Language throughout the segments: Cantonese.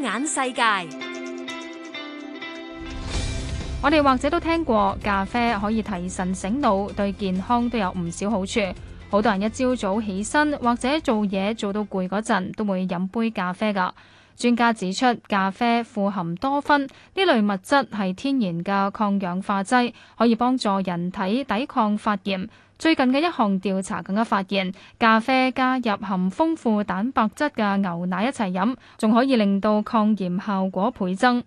眼世界，我哋或者都聽過咖啡可以提神醒腦，對健康都有唔少好處。好多人一朝早起身或者做嘢做到攰嗰陣，都會飲杯咖啡㗎。專家指出，咖啡富含多酚，呢類物質係天然嘅抗氧化劑，可以幫助人體抵抗發炎。最近嘅一項調查更加發現，咖啡加入含豐富蛋白質嘅牛奶一齊飲，仲可以令到抗炎效果倍增。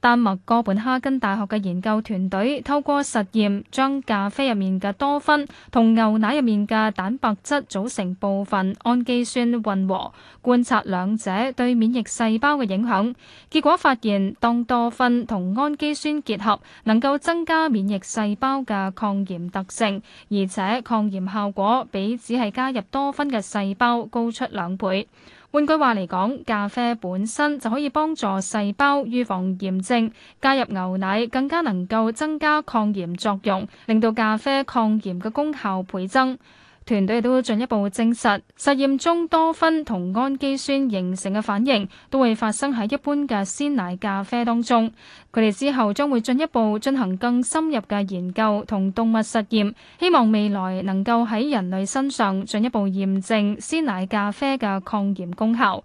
丹麥哥本哈根大學嘅研究團隊透過實驗，將咖啡入面嘅多酚同牛奶入面嘅蛋白質組成部分氨基酸混和，觀察兩者對免疫細胞嘅影響。結果發現，當多酚同氨基酸結合，能夠增加免疫細胞嘅抗炎特性，而且抗炎效果比只係加入多酚嘅細胞高出兩倍。換句話嚟講，咖啡本身就可以幫助細胞預防炎症，加入牛奶更加能夠增加抗炎作用，令到咖啡抗炎嘅功效倍增。團隊亦都會進一步證實，實驗中多酚同氨基酸形成嘅反應都會發生喺一般嘅鮮奶咖啡當中。佢哋之後將會進一步進行更深入嘅研究同動物實驗，希望未來能夠喺人類身上進一步驗證鮮奶咖啡嘅抗炎功效。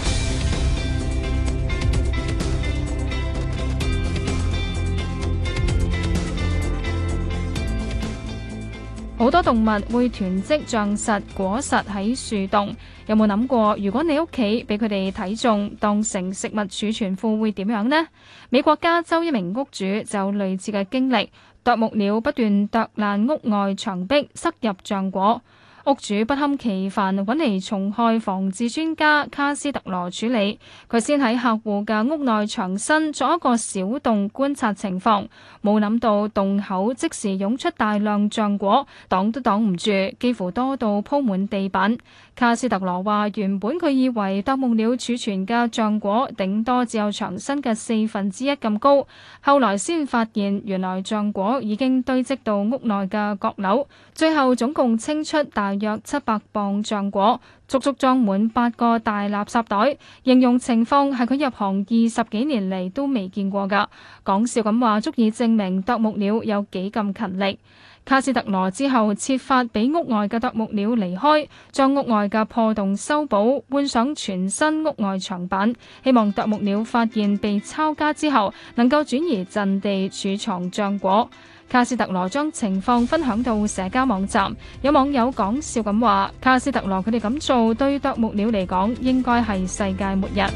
好多動物會囤積橡實果實喺樹洞，有冇諗過如果你屋企俾佢哋睇中，當成食物儲存庫會點樣呢？美國加州一名屋主就有類似嘅經歷，啄木鳥不斷啄爛屋外牆壁，塞入橡果。屋主不堪其煩，揾嚟蟲害防治專家卡斯特羅處理。佢先喺客戶嘅屋內牆身，做一個小洞觀察情況。冇諗到洞口即時湧出大量橡果，擋都擋唔住，幾乎多到鋪滿地板。卡斯特羅話：原本佢以為啄木鳥儲存嘅橡果頂多只有牆身嘅四分之一咁高，後來先發現原來橡果已經堆積到屋內嘅閣樓。最後總共清出大大約七百磅橡果，足足裝滿八個大垃圾袋。形容情況係佢入行二十幾年嚟都未見過㗎。講笑咁話，足以證明啄木鳥有幾咁勤力。卡斯特羅之後設法俾屋外嘅啄木鳥離開，將屋外嘅破洞修補，換上全新屋外牆板，希望啄木鳥發現被抄家之後能夠轉移陣地儲藏橡果。卡斯特羅將情況分享到社交網站，有網友講笑咁話：卡斯特羅佢哋咁做對啄木鳥嚟講應該係世界末日。